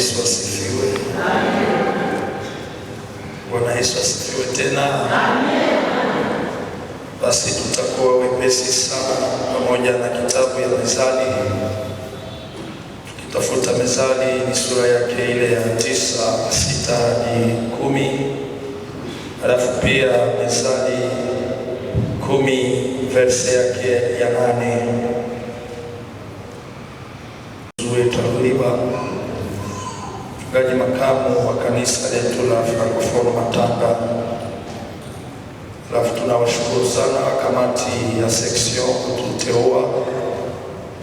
Yesu asifiwe. Amen. Bwana Yesu asifiwe tena. Amen. Basi tutakuwa wepesi sana pamoja na kitabu ya Mezali, tukitafuta Mezali ni sura yake ile ya tisa sita hadi kumi halafu pia Mezali kumi verse yake ya nane mchungaji makamu wa kanisa letu la frankofono Matanga. Alafu tunawashukuru sana kamati ya seksio kututeua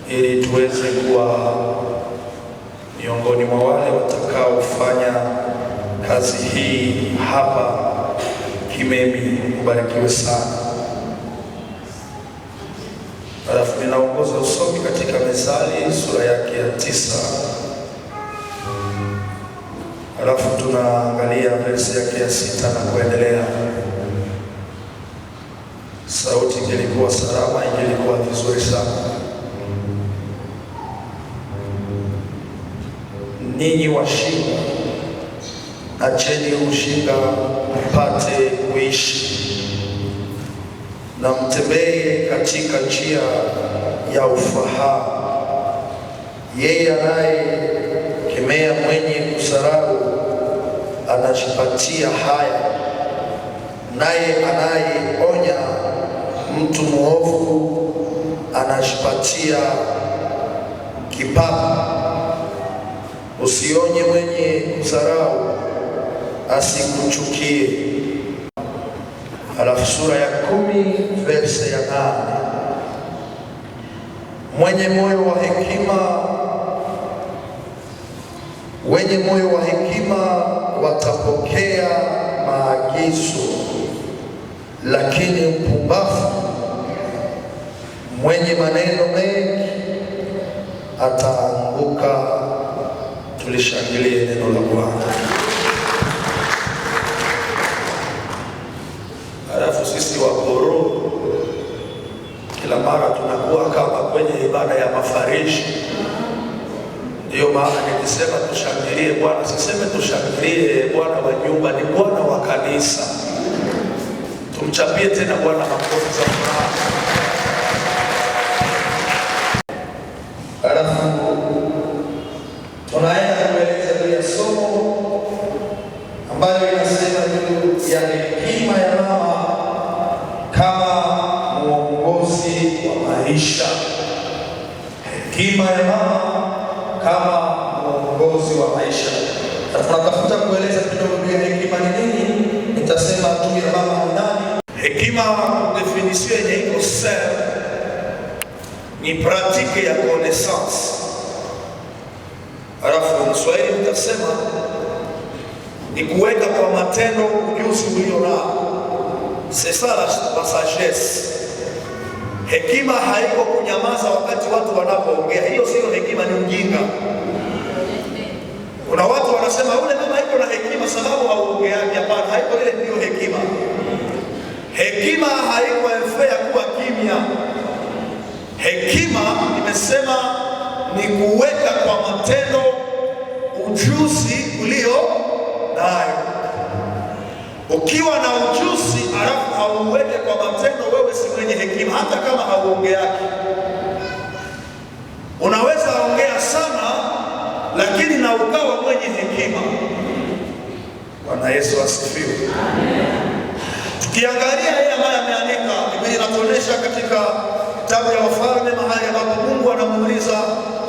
ili tuweze kuwa miongoni mwa wale watakaofanya kazi hii hapa Kimemi. Ubarikiwe sana. Alafu ninaongoza usomi katika mesali sura yake ya tisa Alafu tunaangalia verse yake ya sita na kuendelea. Sauti ingelikuwa salama, ingelikuwa vizuri sana. Ninyi washinda, acheni ushinda mpate kuishi, na mtembee katika njia ya ufahamu. Yeye anayekemea mwenye kusarau anatupatia haya, naye anayeonya mtu mwovu anatupatia kipapa Usionye mwenye kudharau asikuchukie. Alafu sura ya kumi verse ya nane mwenye moyo wa hekima wenye moyo wa hekima watapokea maagizo, lakini mpumbavu mwenye maneno mengi ataanguka. Tulishangilie neno la Bwana. Halafu sisi wakoro kila mara tunakuwa kama kwenye ibada ya mafarishi Ndiyo maana nikisema tushangilie Bwana, siseme tushangilie Bwana wa nyumba, ni Bwana wa kanisa. Tumchapie tena Bwana makofi za furaha. yake ya connaissance. Halafu Mswahili mtasema ni kuweka kwa matendo ujuzi ulio c'est ça la sagesse. Hekima haiko kunyamaza wakati watu wanapoongea, hiyo sio hekima, ni ujinga. Kuna watu wanasema ule mama iko na hekima sababu hauongeaji. Hapana, haiko ile, ndiyo hekima. Hekima haiko ya kuwa kimya. Hekima imesema ni kuweka kwa matendo ujuzi ulio nayo. Ukiwa na ujuzi alafu hauweke kwa matendo, wewe si mwenye hekima, hata kama hauongeaki. Unaweza ongea sana, lakini na ukawa mwenye hekima. Bwana Yesu asifiwe. Tukiangalia yeye ambaye ameandika Biblia inatuonyesha katika kitabu ya Wafalme, mahali ambapo Mungu anamuuliza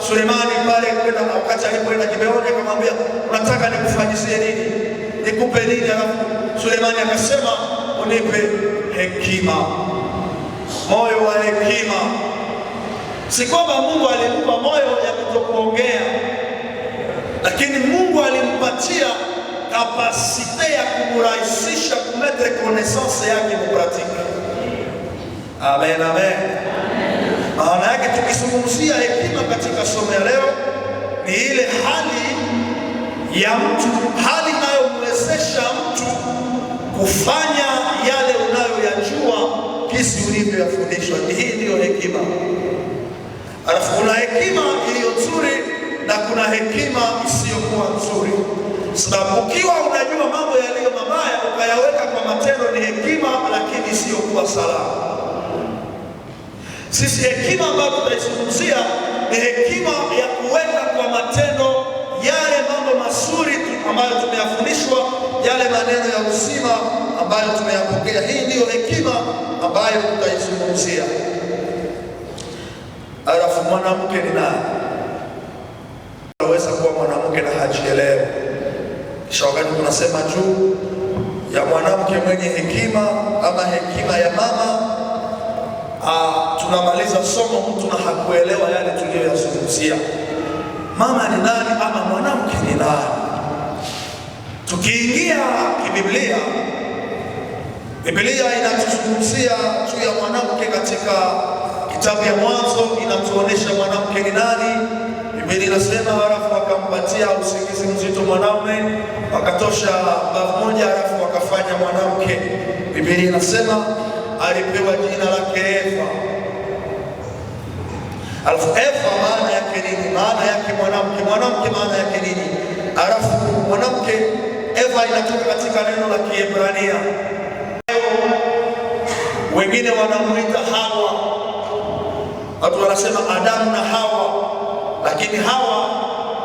Sulemani pale kwenda, wakati alipoenda Gibeoni akamwambia unataka nikufanyisie nini, nikupe nini? Alafu Sulemani akasema unipe hekima, moyo wa hekima. Si kwamba Mungu alimpa moyo ya kutokuongea, lakini Mungu alimpatia kapasite ya kumrahisisha kumete konesanse yake kupratika Amen, amen. Maana yake tukizungumzia hekima katika somo ya leo ni ile hali ya mtu, hali inayomwezesha mtu kufanya yale unayoyajua jinsi ulivyoyafundishwa. Hii ndiyo hekima. Alafu kuna hekima iliyo nzuri na kuna hekima isiyokuwa nzuri, sababu ukiwa unajua mambo yaliyo mabaya ukayaweka kwa matendo ni hekima, lakini isiyokuwa salama sisi hekima ambayo tunaizungumzia ni hekima ya kuweka kwa matendo yale mambo mazuri ambayo tumeyafundishwa, yale maneno ya uzima ambayo tumeyapokea. Hii ndiyo hekima ambayo tutaizungumzia. Alafu mwanamke ni nani? Anaweza kuwa mwanamke na hajielewi, kisha wakati tunasema juu ya mwanamke mwenye hekima ama hekima ya mama uh, tunamaliza somo mtu na hakuelewa yale tuliyoyazungumzia. Mama ni nani ama mwanamke ni nani? Tukiingia kibiblia, Biblia inatuzungumzia juu ya mwanamke katika kitabu ya Mwanzo, inatuonesha mwanamke ni nani. Biblia inasema halafu wakampatia usingizi mzito mwanaume, wakatosha bavu moja, halafu wakafanya mwanamke. Biblia inasema alipewa jina la Kefa. Alafu Efa maana yake nini? Maana yake mwanamke. Mwanamke maana yake nini? Alafu mwanamke Efa inatoka katika neno la Kiebrania. Wengine wanamuita Hawa, watu wanasema Adamu na Hawa, lakini Hawa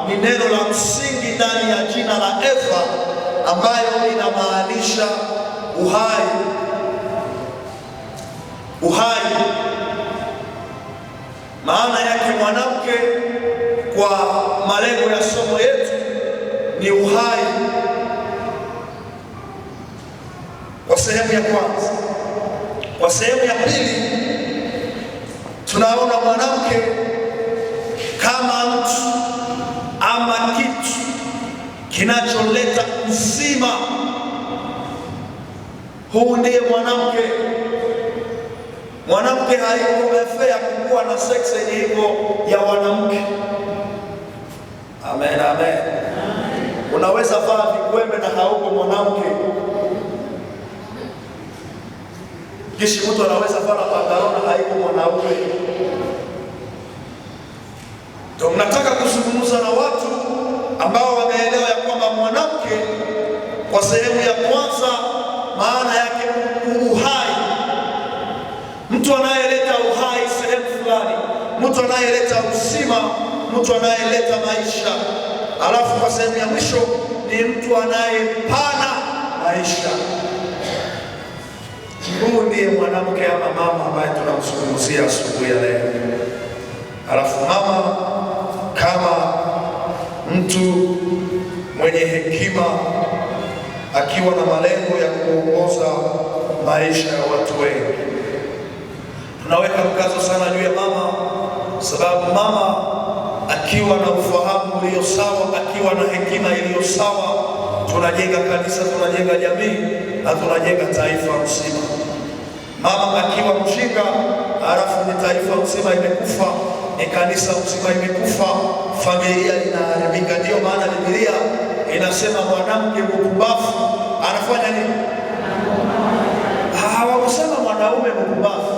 ni neno la msingi ndani ya jina la efa ambayo inamaanisha uhai uhai. Maana yake mwanamke, kwa malengo ya somo yetu, ni uhai. Kwa sehemu ya kwanza. Kwa sehemu ya pili, tunaona mwanamke kama mtu ama kitu kinacholeta uzima. Huu ndiye mwanamke. Mwanamke hayuko kukuwa na seksi hivyo ya wanamke. Amen, amen. Unaweza vaa vikwembe na hauko mwanamke, kishi mtu anaweza vaa pantaloni haiko mwanaume. Ndio mnataka kuzungumza na watu ambao wameelewa ya kwamba mwanamke kwa sehemu ya kwanza maana ya mtu anayeleta uzima, mtu anayeleta maisha, alafu kwa sehemu ya mwisho ni mtu anayepana maisha. Huyu ndiye mwanamke ama mama ambaye tunamzungumzia asubuhi ya leo. Alafu mama kama mtu mwenye hekima akiwa na malengo ya kuongoza maisha ya watu wengi. Tunaweka mkazo sana juu ya mama sababu mama akiwa na ufahamu ulio sawa, akiwa na hekima iliyo sawa, tunajenga kanisa, tunajenga jamii na tunajenga taifa msima. Mama akiwa mjinga, halafu ni taifa msima imekufa, ni kanisa msima imekufa, familia inaharibika. Ndiyo maana Biblia inasema mwanamke mpumbavu anafanya nini? Hawakusema mwanaume mpumbavu.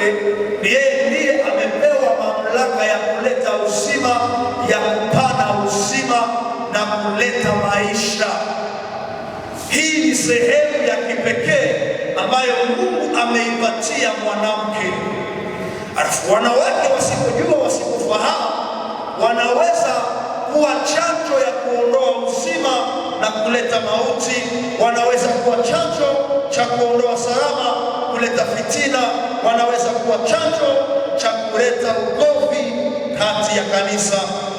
wake, yeye ndiye amepewa mamlaka ya kuleta uzima, ya kupana uzima na kuleta maisha. Hii ni sehemu ya kipekee ambayo Mungu ameipatia mwanamke. Alafu wanawake wasipojua, wasipofahamu, wanaweza kuwa chanjo ya kuondoa uzima na kuleta mauti, wanaweza kuwa chanjo cha kuondoa salama kuleta fitina wanaweza kuwa chanzo cha kuleta ugomvi kati ya kanisa,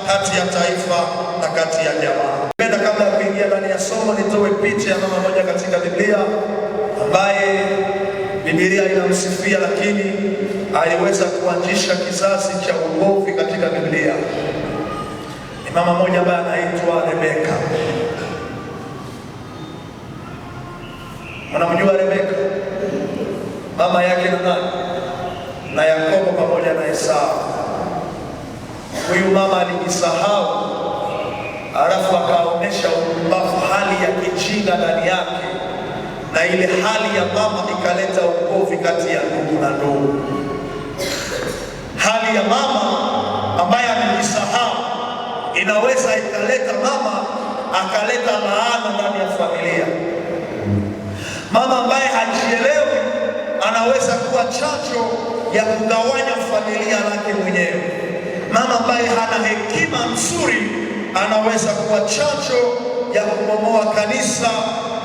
kati ya taifa na kati ya jamaa. Penda kabla ya kuingia ndani ya somo nitoe picha ya mama moja katika Biblia ambaye Biblia inamsifia lakini aliweza kuanzisha kizazi cha ugomvi katika Biblia. Ni mama moja ambaye anaitwa Rebeka. Mnamjua Rebeka? mama yake na nani? Na Yakobo pamoja na Esau. Huyu mama alijisahau, alafu akaonyesha upumbavu, hali ya kijinga ndani yake, na ile hali ya mama ikaleta ukovi kati ya ndugu na ndugu. Hali ya mama ambaye amejisahau inaweza ikaleta mama akaleta laana ndani ya familia. Mama ambaye hajielewi anaweza kuwa chacho ya kugawanya familia lake mwenyewe. Mama ambaye hana hekima nzuri anaweza kuwa chacho ya kubomoa kanisa,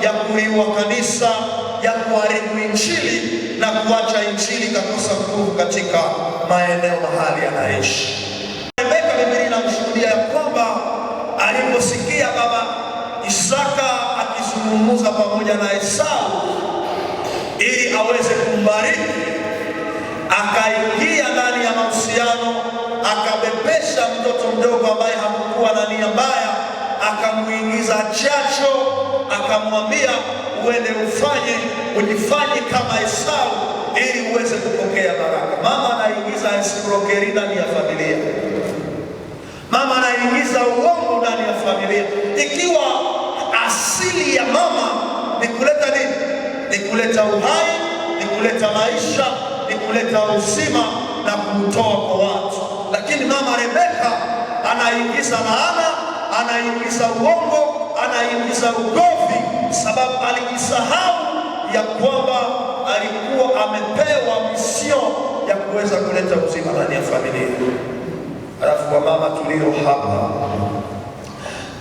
ya kuiua kanisa, ya kuharibu injili na kuacha injili kakosa nguvu katika maeneo mahali anaishi. Rebeka, Biblia inamshuhudia ya kwamba aliposikia baba Isaka akizungumza pamoja na Esau aweze kumbariki, akaingia ndani ya mahusiano, akabebesha mtoto mdogo ambaye hakukuwa na nia mbaya, akamuingiza chacho, akamwambia uende ufanye ujifanye kama Esau ili uweze kupokea baraka. Mama anaingiza eskrokeri ndani ya familia, mama anaingiza uongo ndani ya familia, ikiwa asili ya mama ni kuleta nini? Ni kuleta uhai kuleta maisha, ni kuleta uzima na kuutoa kwa watu. Lakini mama Rebeka anaingiza laana, anaingiza uongo, anaingiza ugovi, sababu alijisahau ya kwamba alikuwa amepewa misio ya kuweza kuleta uzima ndani ya familia. Alafu kwa mama tulio hapa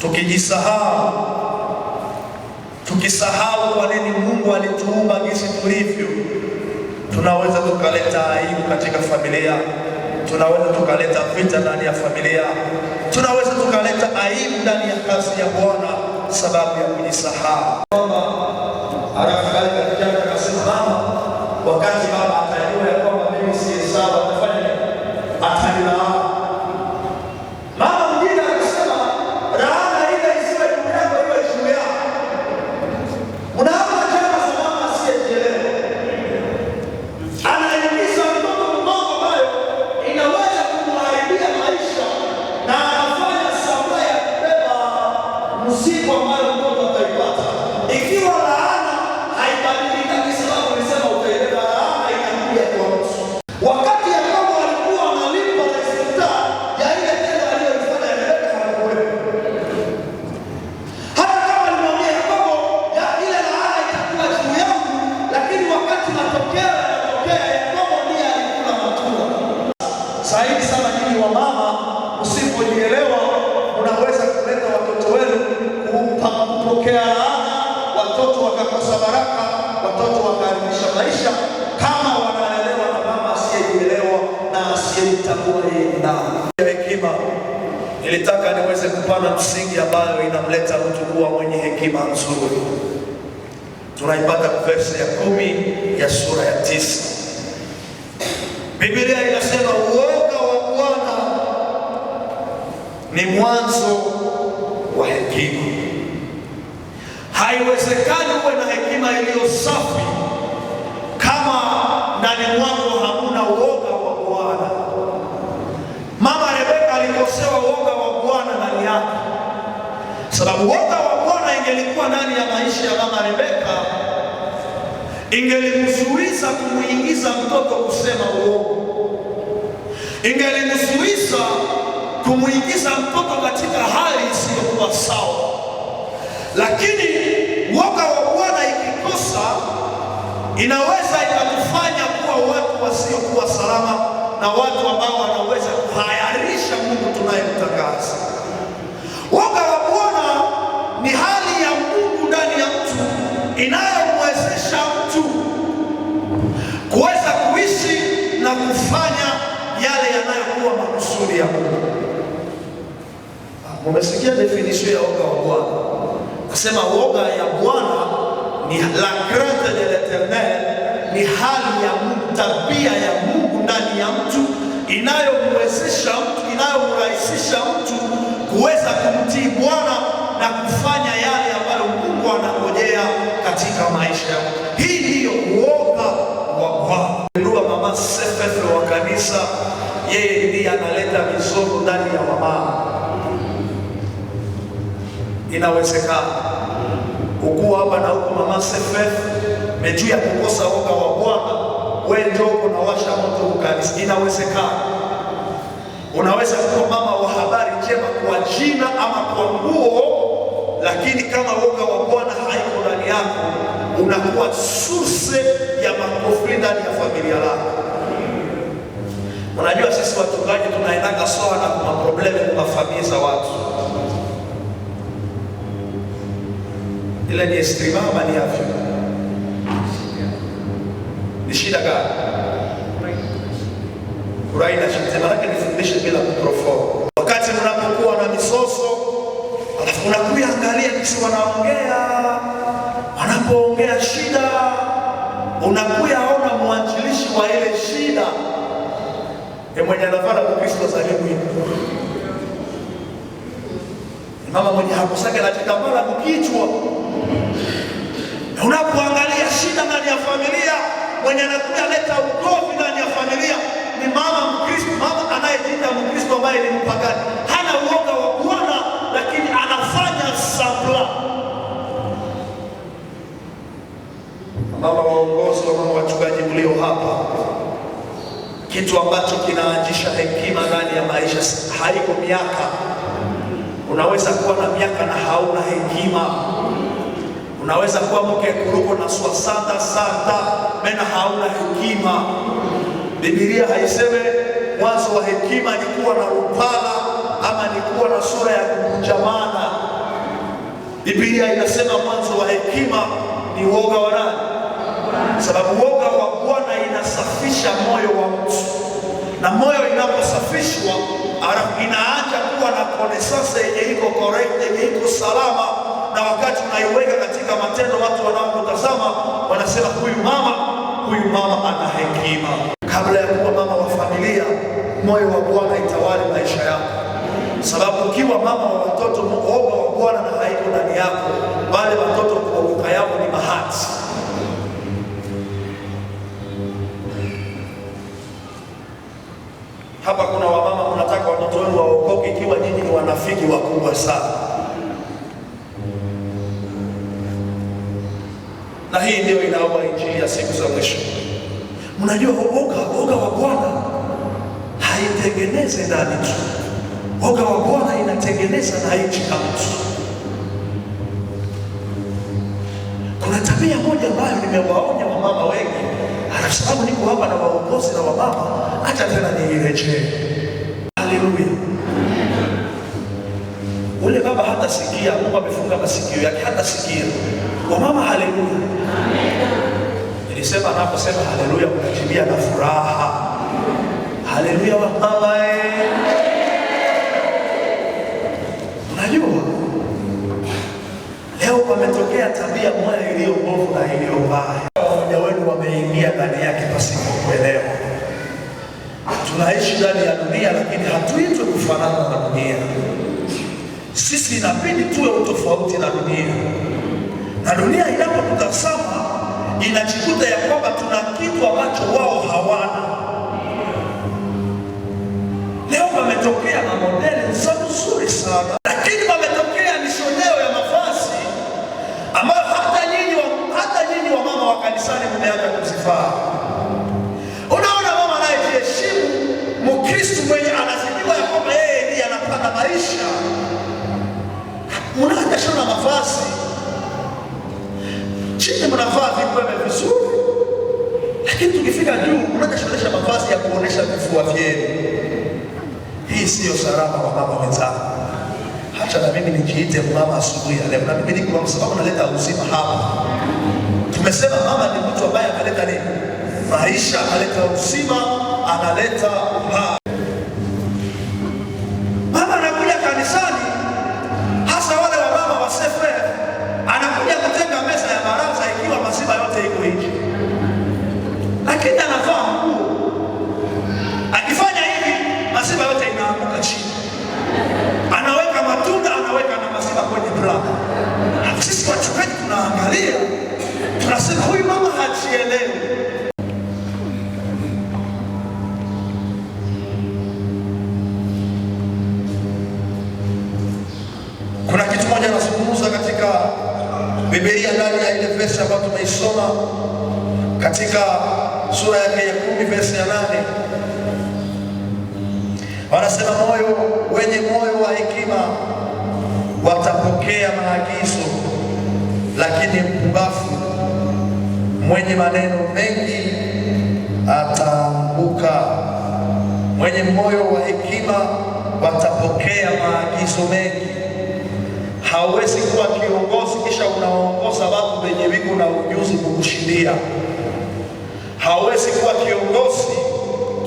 tukijisahau tukisahau kwa nini Mungu alituumba jinsi tulivyo tunaweza tukaleta aibu katika familia, tunaweza tukaleta vita ndani ya familia, tunaweza tukaleta aibu ndani ya kazi ya Bwana sababu ya kujisahau. Mama wakati asiyemtambua yeye ni Hekima nilitaka niweze kupana msingi ambayo inamleta mtu kuwa mwenye hekima nzuri. Tunaipata verse ya kumi ya sura ya tisa. Biblia inasema uoga wa Bwana ni mwanzo wa hekima. Haiwezekani uwe na hekima iliyo safi kama ndani mwako hamuna uoga wa Bwana. sababu woga wa Bwana ingelikuwa ndani ya maisha ya mama Rebeka, ingelimzuiza kumuingiza mtoto kusema uongo, ingelimzuiza kumuingiza mtoto katika hali isiyokuwa sawa. Lakini woga wa Bwana ikikosa, inaweza ikatufanya kuwa watu wasiokuwa salama na watu ambao wanaweza kuhayarisha Mungu tunayemtangaza. kulia. Ah, Umesikia definition ya woga wa Bwana, nasema woga ya Bwana ni la crainte de l'Eternel, ni hali ya tabia ya Mungu ndani ya mtu inayomwezesha mtu, inayomrahisisha mtu kuweza kumtii Bwana na kufanya yale ambayo Mungu anangojea katika maisha. Hii ndiyo woga wa Bwana. Mama Sepefe wa kanisa yeye ndiye analeta mizozo ndani ya wamama. Inawezekana ukuwa hapa na huko mama sefe mejuu ya kukosa woga wa Bwana, wewe ndio unawasha moto mkali. Inawezekana unaweza kuwa mama wa habari njema kwa jina ama kwa nguo, lakini kama woga wa Bwana haiko ndani yako, unakuwa suse ya makofi ndani ya familia lako. Unajua sisi wachungaji tunaendaka sana kuna problemu kwa familia za watu, Ile ni stream ama ni afya ni shida gani Kurai na shida, maanake nifundishe bila mikrofoni. Wakati mnapokuwa na misoso, alafu unakuja angalia kisi wanaongea, wanapoongea shida, unakuja ona mwanjilishi wa ile shida e, mwenye anafana kupishwa salimu Ni Mama mwenye hakusaka na chakamala kukichwa, na unapoangalia shida ndani ya familia, mwenye anakuja leta ukovu ndani ya familia ni mama Mkristo, mama anayejiita Mkristo ambaye ni mpagani, hana uoga wa Bwana, lakini anafanya sabla. Mama waongozi, mama wachungaji mlio hapa kitu ambacho kinaanzisha hekima ndani ya maisha. Haiko miaka, unaweza kuwa na miaka na hauna hekima. Unaweza kuwa mke kuruko na swasata sata mena hauna hekima. Biblia haiseme mwanzo wa hekima ni kuwa na upala ama ni kuwa na sura ya kukunjamana. Biblia inasema mwanzo wa hekima ni woga wa nani? sababu woga wa Bwana inasafisha moyo wa mtu, na moyo inaposafishwa inaacha kuwa na konesasa yenye iko correct, yenye iko salama, na wakati unaiweka katika matendo, watu wanaokutazama wanasema, huyu mama, huyu mama ana hekima. Kabla ya kuwa mama wa familia, moyo wa Bwana itawali maisha yako, sababu ukiwa mama wa watoto, woga wa Bwana na haiko ndani yako, bale watoto kuokoka yao ni bahati ni wanafiki wakubwa sana, na hii ndio inaomba injili ya siku za mwisho. Mnajua uoga, uoga wa Bwana haitengenezi ndani tu, uoga wa Bwana inatengeneza na nchi kama mtu. Kuna tabia moja ambayo nimewaonya wamama wengi, kwa sababu niko hapa na waongozi na wamama, hata tena niirejee. Haleluya yule baba hata sikia. Mungu amefunga masikio yake, hata sikia Kwa mama haleluya, nilisema anaposema haleluya unakimbia na furaha. Haleluya wa baba eh, unajua leo pametokea tabia moja iliyo mbovu na iliyo mbaya wenu wameingia ndani yake pasipo kuelewa. Tunaishi ndani ya dunia, lakini hatuitwi kufanana na dunia. Sisi inabidi tuwe utofauti na dunia, na dunia inapotutazama inajikuta ya kwamba tuna kitu ambacho wao hawana. Leo wametokea na modeli za nzuri sana lakini wametokea mishoneo ya mavazi ambayo hata nyinyi wa, hata nyinyi wa mama wa kanisani mmeanza kuzivaa. Unaona mama anayejiheshimu Mkristo mwenye anazidiwa ya kwamba yeye ndiye anapata maisha mnaa biashara mavazi chini, mnavaa vipembe vizuri, lakini tukifika juu mnajishonesha mavazi ya kuonesha vifua vyenu. Hii siyo salama kwa mama wenzangu. Hata na mimi nijiite mama asubuhi ya leo, na mimi niko kwa sababu naleta uzima hapa. Tumesema mama ni mtu ambaye analeta nini? Maisha, analeta uzima, analeta katika sura yake ya kumi verse ya nane wanasema moyo wenye moyo wa hekima watapokea maagizo, lakini mpumbavu mwenye maneno mengi ataanguka. Mwenye moyo wa hekima watapokea maagizo mengi Hauwezi kuwa kiongozi kisha unaongoza watu wenye wiko na ujuzi kukushindia. Hauwezi kuwa kiongozi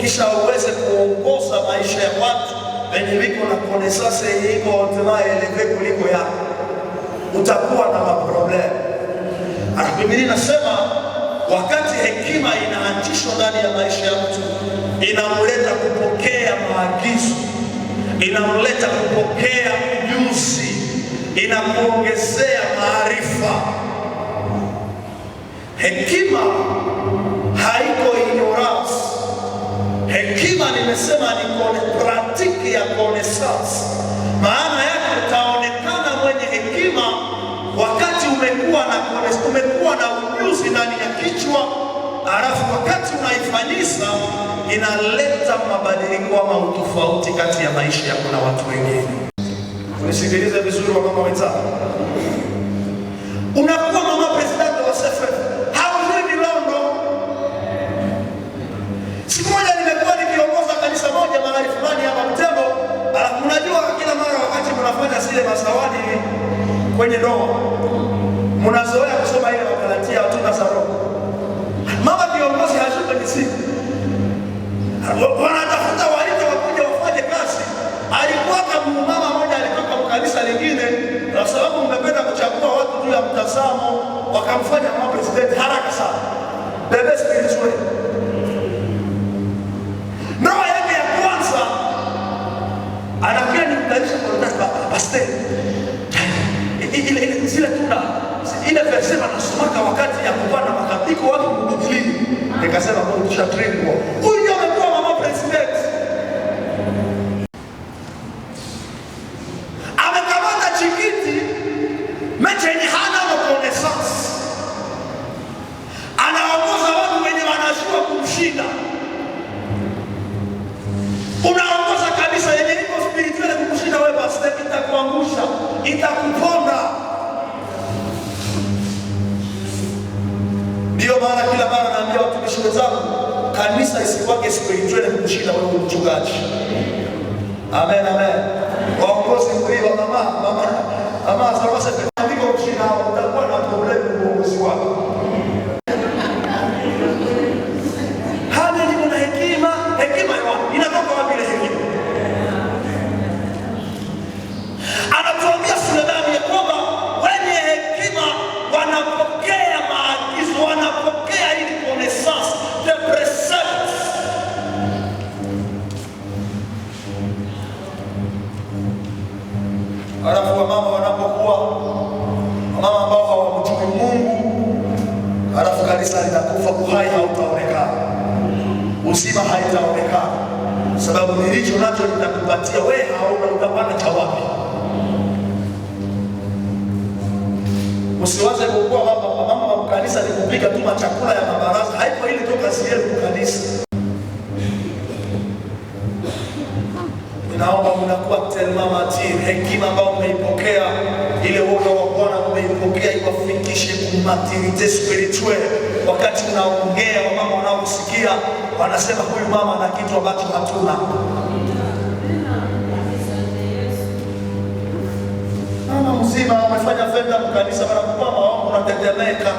kisha uweze kuongoza maisha ya watu wenye wiko na konesase iko otemaeleve kuliko yako, utakuwa na maproblemu. Ah, Biblia inasema wakati hekima inaanzishwa ndani ya maisha ya mtu, inamleta kupokea maagizo, inamleta kupokea ujuzi inakuongezea maarifa. Hekima haiko ignorance. Hekima nimesema ni pratiki ya konesans, maana yake utaonekana mwenye hekima wakati umekuwa na kones, umekuwa na ujuzi ndani ya kichwa, alafu wakati unaifanyisa inaleta mabadiliko ama utofauti kati ya maisha ya kuna watu wengine. Unisikilize vizuri wamama wenzangu, unakuwa mama president wa SFF hauzuri londo. Siku moja nimekuwa nikiongoza kanisa moja mahali fulani hapa Mtembo, Unajua, kila mara wakati mnafanya zile masawadi kwenye ndoa mnazoea kusoma ile se qualche exercise kwake spiritual kushinda ule uchungaji. Amen, amen. Waongozi mkuu wa mama mama mama sasa kwa kushinda utakufa, uhai hautaonekana, uzima haitaonekana, sababu nilicho nacho nitakupatia wewe, hauna utapanda cha wapi. Usiwaze kuokoa hapa mama wa kanisa ni kupika tu machakula ya mabaraza, haipo ile toka sienu kanisa. Ninaomba mnakuwa telmamati hekima ambayo mmeipokea ile uoga kupokea iwafikishe kumatirite spirituelle. Wakati unaongea wamama wanaosikia wanasema huyu mama ana kitu ambacho hatuna. Mama mzima umefanya fedha mkanisa, wanakupa maombi, unatetemeka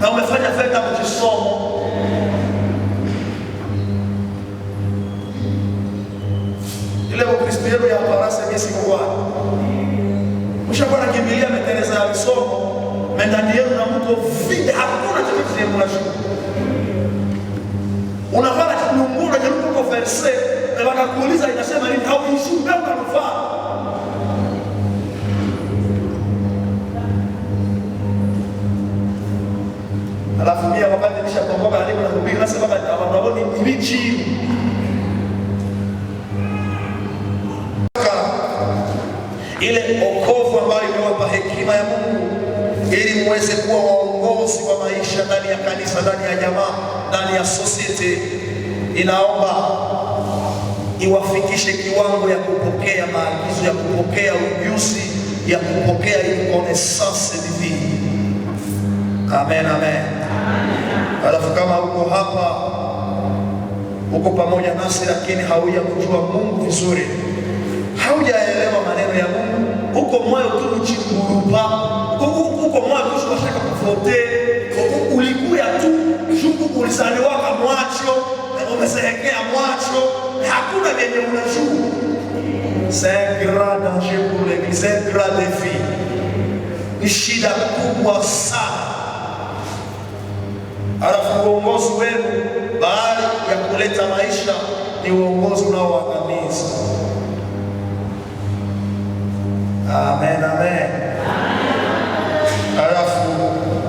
na umefanya fedha mkisomo ile Ukristo yenu ya parase misi kwa Mshakuwa nakimbilia metereza ya visomo mendani yenu na mko vide, hakuna chochote. Unafanya kinungura jaruko kwa verse na wakakuuliza inasema nini, au mshumbea ukanufaa. Alafu pia wakati nishakomboka aliko na kupiga nasema wanaoni nichi ile neema ya Mungu ili muweze kuwa waongozi wa maisha ndani ya kanisa, ndani ya jamaa, ndani ya society. Inaomba iwafikishe kiwango ya kupokea maagizo, ya kupokea ujuzi, ya kupokea reconnaissance divine. Amen, amen. Alafu kama uko hapa uko pamoja nasi, lakini hauja kujua Mungu vizuri, haujaelewa maneno ya Mungu, uko moyo tu pouvoir. Kongo uko mwa tu tunataka kuvote. Kongo ulikuya tu shuku ulizaliwa kama mwacho na umesherekea mwacho na hakuna yenye unajua. C'est grand danger pour l'église, c'est grand défi. Ni shida kubwa sana. Alafu uongozi wenu baada ya kuleta maisha ni uongozi unaoangamiza. Amen, amen halafu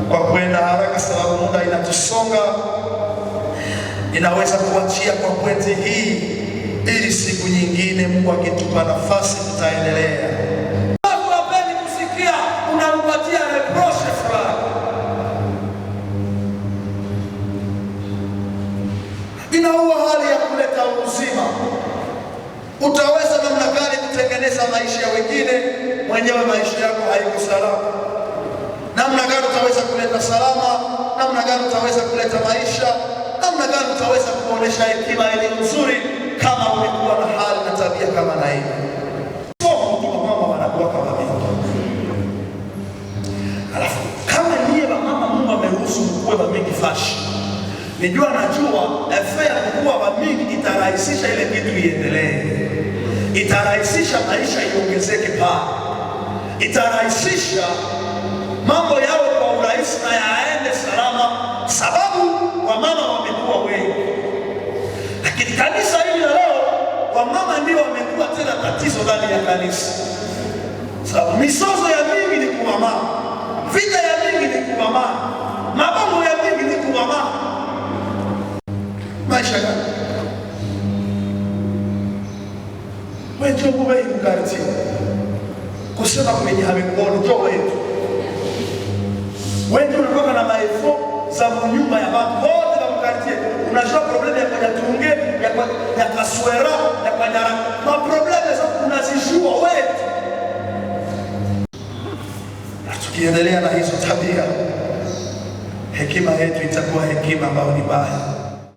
kwa kwenda haraka, sababu muda inatusonga, inaweza kuachia kwa kwete hii, ili siku nyingine Mungu akitupa nafasi tutaendelea. kusikia unampatia inaua hali ya kuleta uzima. Utaweza namna gani kutengeneza maisha ya wengine, mwenyewe maisha yako haiko salama namna gani utaweza kuleta salama, namna gani utaweza kuleta maisha, namna gani utaweza kuonesha hekima ile nzuri, kama ulikuwa na hali na tabia kama na hii. So mama wanakuwa kama mimi, alafu kama niye mama Mungu ameruhusu mkuwe fashi, nijua najua efe ya kukuwa mingi itarahisisha ile kitu iendelee, itarahisisha maisha iongezeke paa, itarahisisha mambo yao kwa urahisi na yaende salama, sababu kwa mama wamekuwa wengi. Lakini kanisa hili la leo, kwa mama ndio wamekuwa tena tatizo ndani ya kanisa, sababu misozo ya mingi ni kwa mama, vita ya mingi ni kwa mama, mabomu ya mingi ni kwa mama. maisha gani wewe, ndio kubaini kati kusema kwenye habikuona ndio wewe maefo za nyumba ya watu wote wa mkartie. Unajua problemu ya kanyatunge ya kaswera ya kanyara, maprobleme zote unazijua wewe. Tukiendelea na hizo tabia, hekima yetu itakuwa hekima ambayo ni mbaya.